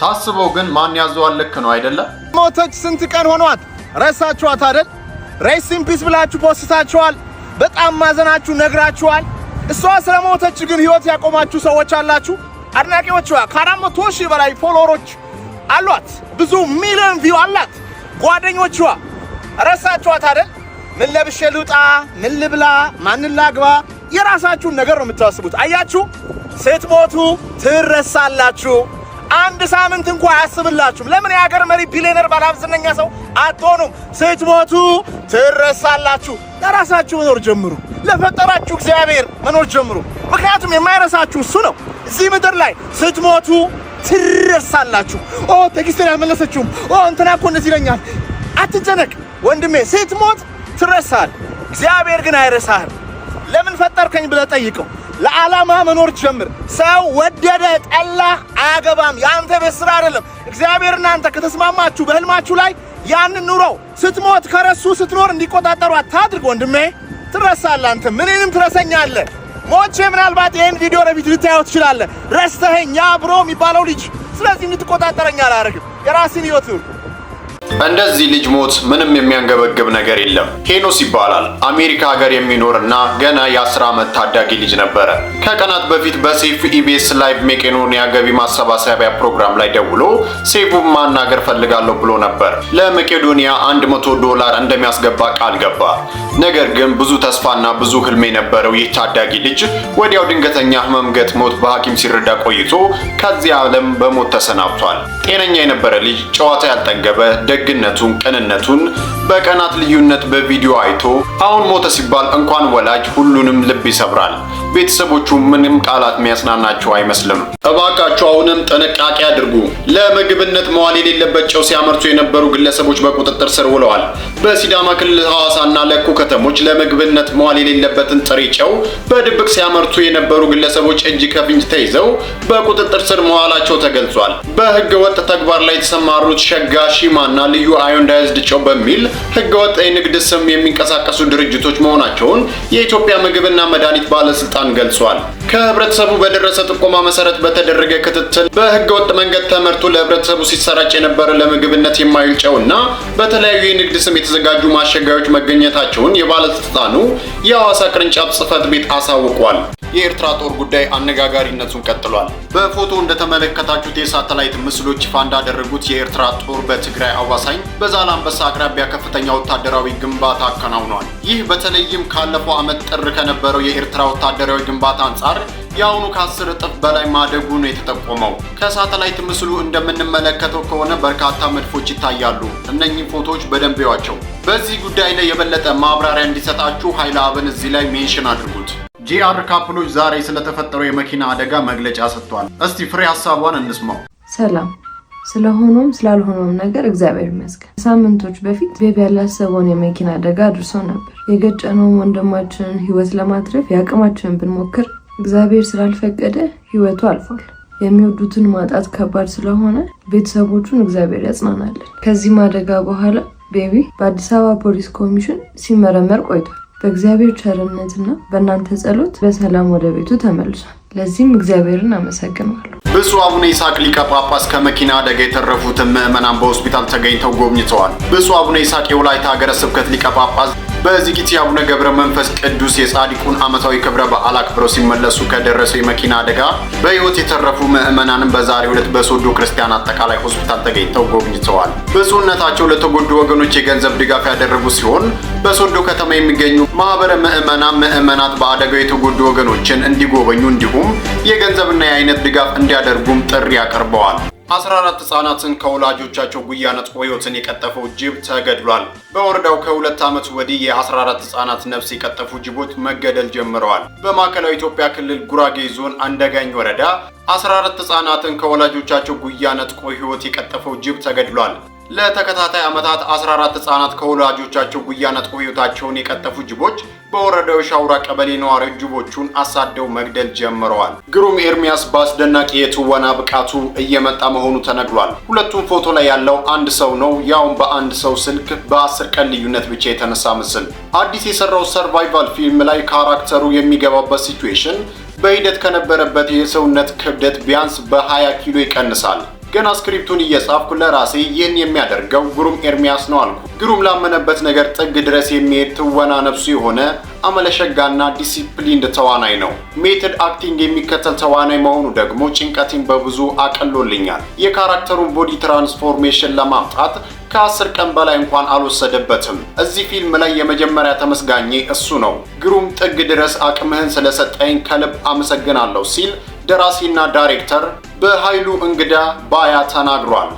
ሳስበው ግን ማን ያዘዋል? ልክ ነው አይደለም? ሞተች ስንት ቀን ሆኗት? ረሳችኋት አይደል? ኢን ፒስ ብላችሁ ፖስታችኋል። በጣም ማዘናችሁ ነግራችኋል። እሷ ስለሞተች ግን ህይወት ያቆማችሁ ሰዎች አላችሁ። አድናቂዎቿ ከአራት መቶ ሺህ በላይ ፎሎወሮች አሏት። ብዙ ሚሊዮን ቪው አላት። ጓደኞቿ ረሳችኋት አይደል? ምን ለብሼ ልውጣ፣ ምን ልብላ፣ ማንን ላግባ፣ የራሳችሁን ነገር ነው የምታስቡት። አያችሁ ስትሞቱ ትረሳላችሁ። አንድ ሳምንት እንኳ አያስብላችሁም። ለምን የሀገር መሪ ቢሊዮነር ባላብዝነኛ ሰው አትሆኑም? ስትሞቱ ትረሳላችሁ። ለራሳችሁ መኖር ጀምሩ። ለፈጠራችሁ እግዚአብሔር መኖር ጀምሩ። ምክንያቱም የማይረሳችሁ እሱ ነው። እዚህ ምድር ላይ ስትሞቱ ትረሳላችሁ። ኦ ትዕግስቴን አልመለሰችውም፣ ኦ እንትና እኮ እንደዚህ ይለኛል። አትጨነቅ ወንድሜ፣ ስትሞት ትረሳል። እግዚአብሔር ግን አይረሳህም። ለምን ፈጠርከኝ ብለህ ጠይቀው። ለዓላማ መኖር ጀምር። ሰው ወደደ ጠላ አያገባም። የአንተ ቤት ስራ አይደለም። እግዚአብሔር እናንተ ከተስማማችሁ በህልማችሁ ላይ ያንን ኑሮ ስትሞት ከረሱ ስትኖር እንዲቆጣጠሩ አታድርግ ወንድሜ። ትረሳለህ። አንተ ምንንም ትረሰኛለህ። ሞቼ ምናልባት ይህን ቪዲዮ ረቢት ልታየው ትችላለህ። ረስተኸኝ ያ ብሮ የሚባለው ልጅ ስለዚህ እንድትቆጣጠረኝ አላደርግም። የራስን ህይወት ኑር። እንደዚህ ልጅ ሞት ምንም የሚያንገበግብ ነገር የለም። ሄኖስ ይባላል። አሜሪካ ሀገር የሚኖርና ገና የአስር ዓመት ታዳጊ ልጅ ነበረ። ከቀናት በፊት በሴፍ ኢቢኤስ ላይቭ መቄዶንያ ገቢ ማሰባሰቢያ ፕሮግራም ላይ ደውሎ ሴፉን ማናገር ፈልጋለሁ ብሎ ነበር። ለመቄዶንያ 100 ዶላር እንደሚያስገባ ቃል ገባ። ነገር ግን ብዙ ተስፋና ብዙ ህልም የነበረው ይህ ታዳጊ ልጅ ወዲያው ድንገተኛ ህመም ገጥሞት በሐኪም ሲረዳ ቆይቶ ከዚህ ዓለም በሞት ተሰናብቷል። ጤነኛ የነበረ ልጅ ጨዋታ ያልጠገበ ደግ ደግነቱን፣ ቅንነቱን በቀናት ልዩነት በቪዲዮ አይቶ አሁን ሞተ ሲባል እንኳን ወላጅ ሁሉንም ልብ ይሰብራል። ቤተሰቦቹ ምንም ቃላት የሚያጽናናቸው አይመስልም። እባካችሁ አሁንም ጥንቃቄ አድርጉ። ለምግብነት መዋል የሌለበት ጨው ሲያመርቱ የነበሩ ግለሰቦች በቁጥጥር ስር ውለዋል። በሲዳማ ክልል ሐዋሳና ለኩ ከተሞች ለምግብነት መዋል የሌለበትን ጥሬ ጨው በድብቅ ሲያመርቱ የነበሩ ግለሰቦች እጅ ከፍንጅ ተይዘው በቁጥጥር ስር መዋላቸው ተገልጿል። በህገ ወጥ ተግባር ላይ የተሰማሩት ሸጋ ሺማና ልዩ አዮንዳይዝድ ጨው በሚል ህገ ወጥ የንግድ ስም የሚንቀሳቀሱ ድርጅቶች መሆናቸውን የኢትዮጵያ ምግብና መድኃኒት ባለስልጣን ገልጿል። ከህብረተሰቡ በደረሰ ጥቆማ መሰረት በተደረገ ክትትል በህገ ወጥ መንገድ ተመርቶ ለህብረተሰቡ ሲሰራጭ የነበረ ለምግብነት የማይውል ጨውና በተለያዩ የንግድ ስም የተዘጋጁ ማሸጊያዎች መገኘታቸውን የባለስልጣኑ የሐዋሳ ቅርንጫፍ ጽህፈት ቤት አሳውቋል። የኤርትራ ጦር ጉዳይ አነጋጋሪነቱን ቀጥሏል። በፎቶ እንደተመለከታችሁት የሳተላይት ምስሎች ይፋ እንዳደረጉት የኤርትራ ጦር በትግራይ አዋሳኝ በዛላምበሳ አቅራቢያ ከፍተኛ ወታደራዊ ግንባታ አከናውኗል። ይህ በተለይም ካለፈው ዓመት ጥር ከነበረው የኤርትራ ወታደራዊ ግንባታ አንጻር የአሁኑ ከአስር እጥፍ በላይ ማደጉ ነው የተጠቆመው። ከሳተላይት ምስሉ እንደምንመለከተው ከሆነ በርካታ መድፎች ይታያሉ። እነኚህም ፎቶዎች በደንብ ያቸው። በዚህ ጉዳይ ላይ የበለጠ ማብራሪያ እንዲሰጣችሁ ኃይለ አብን እዚህ ላይ ሜንሽን አድርጉት። ጂአር ካፕሎች ዛሬ ስለተፈጠረው የመኪና አደጋ መግለጫ ሰጥቷል። እስቲ ፍሬ ሀሳቧን እንስማው። ሰላም ስለሆነውም ስላልሆነውም ነገር እግዚአብሔር ይመስገን። ሳምንቶች በፊት ቤቢ ያላሰበውን የመኪና አደጋ አድርሶ ነበር። የገጨነውን ወንድማችንን ህይወት ለማትረፍ የአቅማችንን ብንሞክር እግዚአብሔር ስላልፈቀደ ህይወቱ አልፏል። የሚወዱትን ማጣት ከባድ ስለሆነ ቤተሰቦቹን እግዚአብሔር ያጽናናለን። ከዚህም አደጋ በኋላ ቤቢ በአዲስ አበባ ፖሊስ ኮሚሽን ሲመረመር ቆይቷል። በእግዚአብሔር ቸርነትና በእናንተ ጸሎት በሰላም ወደ ቤቱ ተመልሷል። ለዚህም እግዚአብሔርን አመሰግናለሁ። ብፁዕ አቡነ ይስሐቅ ሊቀ ጳጳስ ከመኪና አደጋ የተረፉትን ምዕመናን በሆስፒታል ተገኝተው ጎብኝተዋል። ብፁዕ አቡነ ይስሐቅ የወላይታ ሀገረ ስብከት ሊቀ ጳጳስ በዚጊት የአቡነ ገብረ መንፈስ ቅዱስ የጻድቁን ዓመታዊ ክብረ በዓል አክብረው ሲመለሱ ከደረሰው የመኪና አደጋ በሕይወት የተረፉ ምዕመናንም በዛሬው ዕለት በሶዶ ክርስቲያን አጠቃላይ ሆስፒታል ተገኝተው ጎብኝተዋል። ብፁዕነታቸው ለተጎዱ ወገኖች የገንዘብ ድጋፍ ያደረጉ ሲሆን በሶዶ ከተማ የሚገኙ ማኅበረ ምዕመናን ምዕመናት በአደጋው የተጎዱ ወገኖችን እንዲጎበኙ እንዲሁም የገንዘብና የአይነት ድጋፍ እንዲያደርጉም ጥሪ አቅርበዋል። አስራአራት ህጻናትን ከወላጆቻቸው ጉያ ነጥቆ ህይወትን የቀጠፈው ጅብ ተገድሏል። በወረዳው ከሁለት ዓመት ወዲህ የ14 ህጻናት ነፍስ የቀጠፉ ጅቦች መገደል ጀምረዋል። በማዕከላዊ ኢትዮጵያ ክልል ጉራጌ ዞን አንደጋኝ ወረዳ 14 ህጻናትን ከወላጆቻቸው ጉያ ነጥቆ ህይወት የቀጠፈው ጅብ ተገድሏል። ለተከታታይ ዓመታት 14 ህጻናት ከወላጆቻቸው ጉያ ነጥቆ የቀጠፉ ጅቦች በወረዳው ሻውራ ቀበሌ ነዋሪዎች ጅቦቹን አሳደው መግደል ጀምረዋል። ግሩም ኤርሚያስ በአስደናቂ የትወና ብቃቱ እየመጣ መሆኑ ተነግሯል። ሁለቱም ፎቶ ላይ ያለው አንድ ሰው ነው፣ ያውም በአንድ ሰው ስልክ በአስር ቀን ልዩነት ብቻ የተነሳ ምስል። አዲስ የሰራው ሰርቫይቫል ፊልም ላይ ካራክተሩ የሚገባበት ሲቹዌሽን በሂደት ከነበረበት የሰውነት ክብደት ቢያንስ በ20 ኪሎ ይቀንሳል። ገና ስክሪፕቱን እየጻፍኩ ለራሴ ይህን የሚያደርገው ግሩም ኤርሚያስ ነው አልኩ። ግሩም ላመነበት ነገር ጥግ ድረስ የሚሄድ ትወና ነፍሱ የሆነ አመለሸጋና ዲሲፕሊንድ ተዋናይ ነው። ሜትድ አክቲንግ የሚከተል ተዋናይ መሆኑ ደግሞ ጭንቀቴን በብዙ አቀሎልኛል። የካራክተሩን ቦዲ ትራንስፎርሜሽን ለማምጣት ከአስር ቀን በላይ እንኳን አልወሰደበትም። እዚህ ፊልም ላይ የመጀመሪያ ተመስጋኜ እሱ ነው። ግሩም ጥግ ድረስ አቅምህን ስለሰጠኝ ከልብ አመሰግናለሁ ሲል ደራሲና ዳይሬክተር በኃይሉ እንግዳ ባያ ተናግሯል።